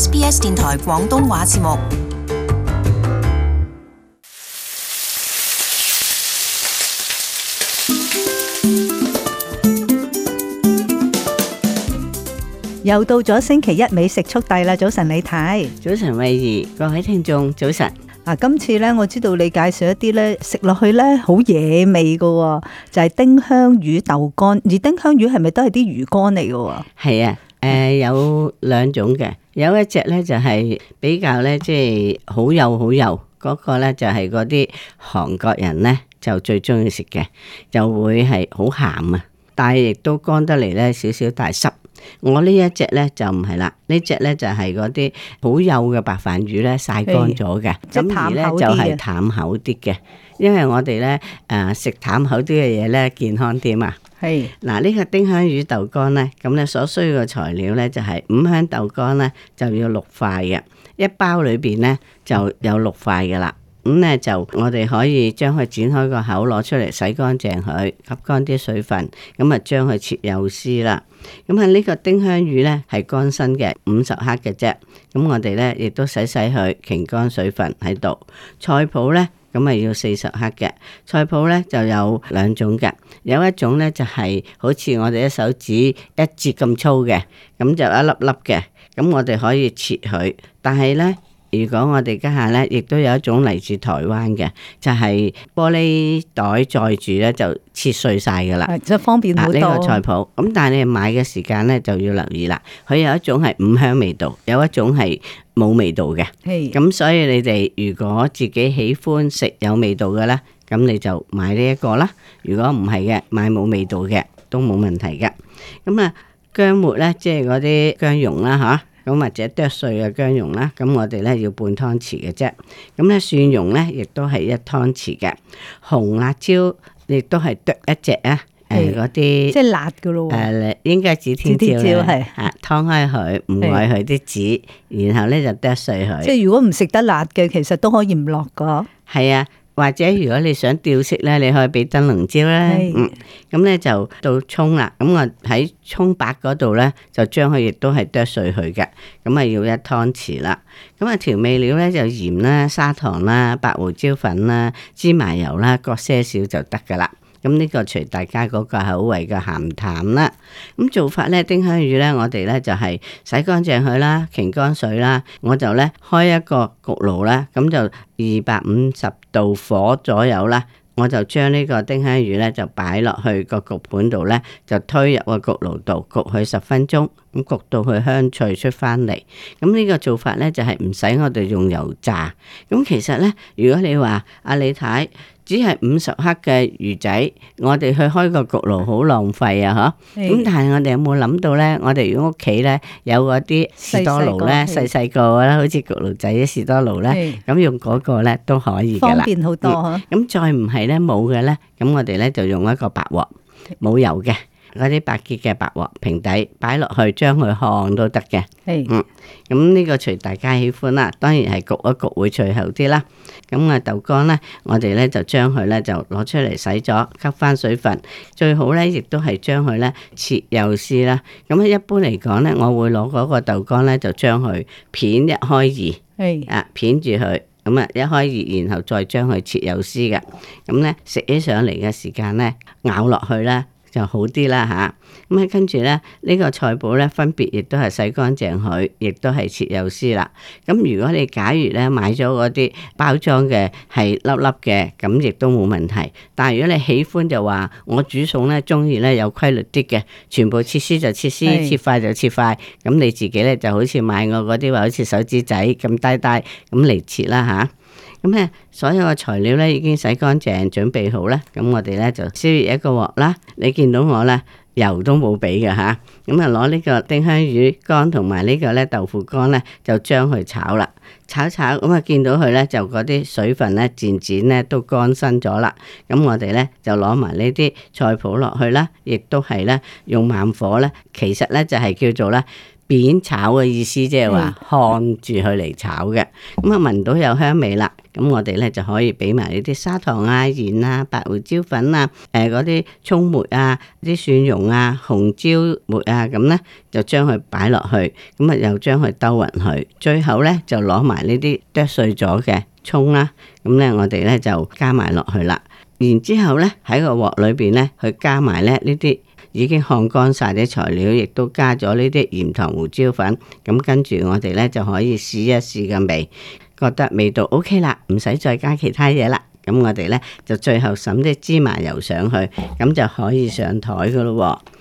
SBS 電台廣東話節目，又到咗星期一美食速遞啦！早晨李太，你睇，早晨，慧怡，各位聽眾，早晨。嗱，今次咧，我知道你介紹一啲咧，食落去咧，好野味噶，就係、係、丁香魚豆乾。而丁香魚係咪都係啲魚乾嚟噶？係啊。誒、呃，有兩種嘅，有一隻咧就係比較咧，即係好幼好幼，嗰、那個咧就係嗰啲韓國人咧就最中意食嘅，就會係好鹹啊，但係亦都乾得嚟咧少少大濕。我呢一隻咧就唔係啦，呢隻咧就係嗰啲好幼嘅白飯魚咧曬乾咗嘅，咁而咧就係淡口啲嘅，因為我哋咧誒食淡口啲嘅嘢咧健康啲啊嘛。係嗱，呢個丁香魚豆乾呢，咁呢所需要嘅材料呢，就係五香豆乾呢，就要六塊嘅，一包裏邊呢，就有六塊噶啦。咁呢，就我哋可以將佢剪開個口，攞出嚟洗乾淨佢，吸乾啲水分，咁啊將佢切幼絲啦。咁啊呢個丁香魚呢，係乾身嘅，五十克嘅啫。咁我哋呢，亦都洗洗佢，擰乾水分喺度。菜譜呢。咁咪要四十克嘅菜脯呢，就有兩種嘅，有一種呢，就係、是、好似我哋嘅手指一節咁粗嘅，咁就一粒粒嘅，咁我哋可以切佢，但係呢。如果我哋家下咧，亦都有一種嚟自台灣嘅，就係玻璃袋載住咧，就切碎曬㗎喇。係，即係方便好多。呢個菜譜咁，但係你買嘅時間咧就要留意啦。佢有一種係五香味道，有一種係冇味道嘅。係。咁所以你哋如果自己喜歡食有味道嘅咧，咁你就買呢一個啦。如果唔係嘅，買冇味道嘅都冇問題嘅。咁啊，薑末咧，即係嗰啲薑蓉啦，吓。咁或者剁碎嘅薑蓉啦，咁我哋咧要半湯匙嘅啫。咁咧蒜蓉咧亦都係一湯匙嘅。紅辣椒亦都係剁一隻啊。誒嗰啲即係辣嘅咯。誒應該指天椒係啊，劏開佢，唔愛佢啲籽，然後咧就剁碎佢。即係如果唔食得辣嘅，其實都可以唔落㗎。係啊。或者如果你想調色咧，你可以俾燈籠椒咧，的嗯，咁咧就到蔥啦，咁我喺蔥白嗰度咧就將佢亦都係剁碎佢嘅，咁啊要一湯匙啦，咁啊調味料咧就鹽啦、砂糖啦、白胡椒粉啦、芝麻油啦，各些少就得噶啦。咁呢個隨大家嗰個口味嘅鹹淡啦。咁做法呢，丁香魚呢，我哋呢就係洗乾淨佢啦，擎乾水啦，我就呢開一個焗爐啦，咁就二百五十度火左右啦，我就將呢個丁香魚呢就擺落去個焗盤度呢，就推入個焗爐度焗佢十分鐘，咁焗到佢香脆出翻嚟。咁呢個做法呢，就係唔使我哋用油炸。咁其實呢，如果你話阿李太，只係五十克嘅魚仔，我哋去開個焗爐好浪費啊！呵的，咁但係我哋有冇諗到咧？我哋如果屋企咧有嗰啲士多爐咧，細細個啦，好似焗爐仔嘅士多爐咧，咁的用嗰個咧都可以嘅啦。方便好多咁，啊嗯、再唔係咧冇嘅咧，咁我哋咧就用一個白鑊，冇油嘅。嗰啲白吉嘅白鑊平底擺落去，將佢烘都得嘅。係是嗯咁呢個隨大家喜歡啦。當然係焗一焗會脆口啲啦。咁啊，豆乾呢，我哋呢就將佢呢就攞出嚟洗咗吸翻水分，最好呢，亦都係將佢呢切幼絲啦。咁一般嚟講呢，我會攞嗰個豆乾呢，就將佢片一開二，係是啊片住佢咁啊一開二，然後再將佢切幼絲嘅。咁呢，食起上嚟嘅時間呢，咬落去呢。就好啲啦嚇，咁啊跟住咧呢，這個菜脯咧分別亦都係洗乾淨佢，亦都係切幼絲啦。咁、嗯、如果你假如咧買咗嗰啲包裝嘅係粒粒嘅，咁亦都冇問題。但係如果你喜歡就話，我煮餸咧中意咧有規律啲嘅，全部切絲就切絲，切塊就切塊。咁是、嗯、你自己咧就好似買我嗰啲話，好似手指仔咁低低咁嚟切啦嚇。啊咁咧，所有嘅材料咧已經洗乾淨，準備好啦。咁我哋咧就燒熱一個鑊啦。你見到我咧，油都冇俾嘅吓。咁啊，攞呢個丁香魚乾同埋呢個咧豆腐乾咧，就將佢炒啦。炒炒咁啊，就見到佢咧就嗰啲水分咧漸漸咧都乾身咗啦。咁我哋咧就攞埋呢啲菜脯落去啦，亦都係咧用慢火咧，其實咧就係、是、叫做咧。煸炒嘅意思即係話看住佢嚟炒嘅，咁啊聞到有香味啦，咁我哋咧就可以俾埋呢啲砂糖啊、鹽啊、白胡椒粉啊、誒嗰啲葱末啊、啲蒜蓉啊、紅椒末啊，咁咧就將佢擺落去，咁啊又將佢兜勻佢，最後咧就攞埋呢啲剁碎咗嘅葱啦，咁咧我哋咧就加埋落去啦，然之後咧喺個鑊裏邊咧去加埋咧呢啲。已經烘乾晒啲材料，亦都加咗呢啲鹽糖胡椒粉。咁跟住我哋呢就可以試一試個味，覺得味道 OK 啦，唔使再加其他嘢啦。咁我哋呢就最後淋啲芝麻油上去，咁就可以上台噶咯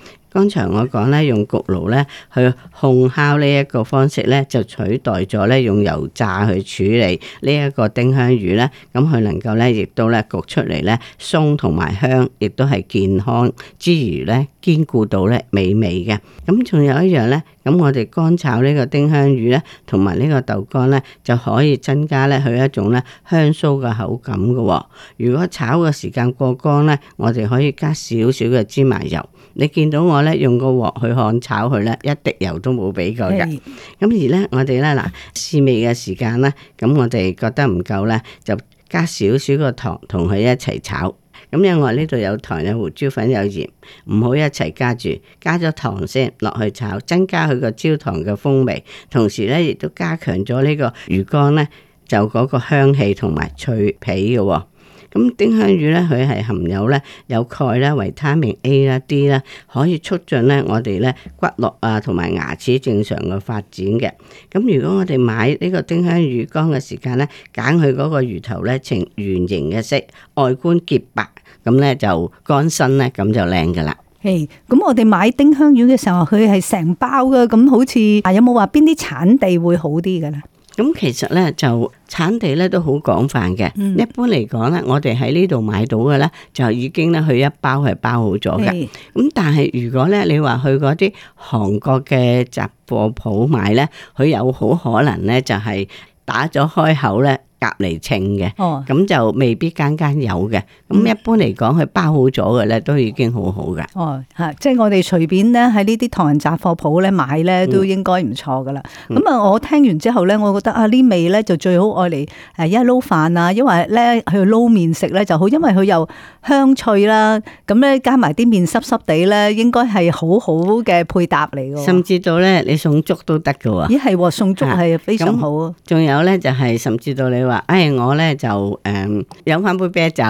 喎。剛才我講咧，用焗爐咧去烘烤呢一個方式咧，就取代咗咧用油炸去處理呢一個丁香魚咧。咁佢能夠咧，亦都咧焗出嚟咧，鬆同埋香，亦都係健康之餘咧，兼顧到咧美味嘅。咁仲有一樣咧。咁我哋乾炒呢個丁香魚咧，同埋呢個豆乾咧，就可以增加咧佢一種咧香酥嘅口感嘅喎。如果炒嘅時間過乾咧，我哋可以加少少嘅芝麻油。你見到我咧用個鑊去旱炒佢咧，一滴油都冇俾過㗎。咁是而咧，我哋咧嗱試味嘅時間咧，咁我哋覺得唔夠咧，就加少少嘅糖同佢一齊炒。咁另外呢度有糖、有胡椒粉、有鹽，唔好一齊加住，加咗糖先落去炒，增加佢個焦糖嘅風味，同時咧亦都加強咗呢個魚乾咧就嗰個香氣同埋脆皮嘅、哦。咁丁香魚咧，佢係含有咧有鈣啦、維他命 A 啦、D 啦，可以促進咧我哋咧骨骼啊同埋牙齒正常嘅發展嘅。咁如果我哋買呢個丁香魚乾嘅時間咧，揀佢嗰個魚頭咧呈圓形嘅色，外觀潔白。咁咧就乾身咧，咁就靚噶啦。係，咁我哋買丁香魚嘅時候，佢係成包嘅。咁好似啊，有冇話邊啲產地會好啲噶咧？咁其實咧就產地咧都好廣泛嘅。Mm. 一般嚟講咧，我哋喺呢度買到嘅咧就已經咧佢一包係包好咗嘅。咁 Hey. 但係如果咧你話去嗰啲韓國嘅雜貨鋪買咧，佢有好可能咧就係打咗開口咧。隔籬稱嘅，咁就未必間間有嘅。咁一般嚟講，佢包好咗嘅咧，都已經好好噶。哦、嗯，吓、嗯，嗯、即係我哋隨便咧喺呢啲唐人雜貨鋪咧買咧，都應該唔錯噶啦。咁啊，我聽完之後咧，我覺得啊，呢味咧就最好愛嚟，誒一撈飯啊，因為咧去撈麵食咧就好，因為佢又香脆啦。咁咧加埋啲麵濕濕地咧，應該係好好嘅配搭嚟嘅。甚至到咧，你餸粥都得嘅。咦、啊，係、嗯、喎，餸粥係非常好。仲、啊嗯、有咧，就係甚至到你。話誒、哎，我咧就誒飲翻杯啤酒，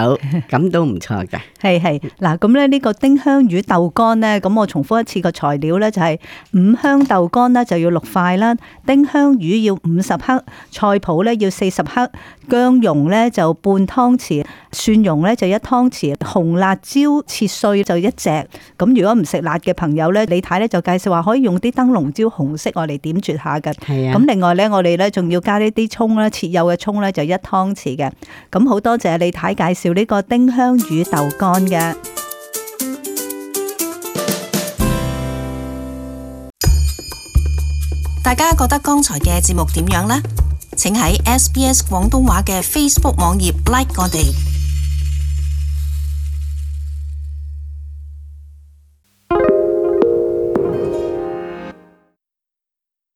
咁都唔錯噶。係係嗱，咁咧呢個丁香魚豆乾咧，咁我重複一次個材料咧，就係、是、五香豆乾咧就要六塊啦，丁香魚要五十克，菜脯咧要四十克，姜蓉咧就半湯匙，蒜蓉咧就一湯匙，紅辣椒切碎就一隻。咁如果唔食辣嘅朋友咧，李太咧就介紹話可以用啲燈籠椒紅色我嚟點綴下噶。係啊。咁另外咧，我哋咧仲要加呢啲葱啦，切幼嘅葱咧。就一湯湯匙嘅，咁好多謝李太介紹呢個丁香魚豆乾嘅。大家覺得剛才嘅節目點樣呢？請喺 SBS 廣東話嘅 Facebook 網頁 like 我哋。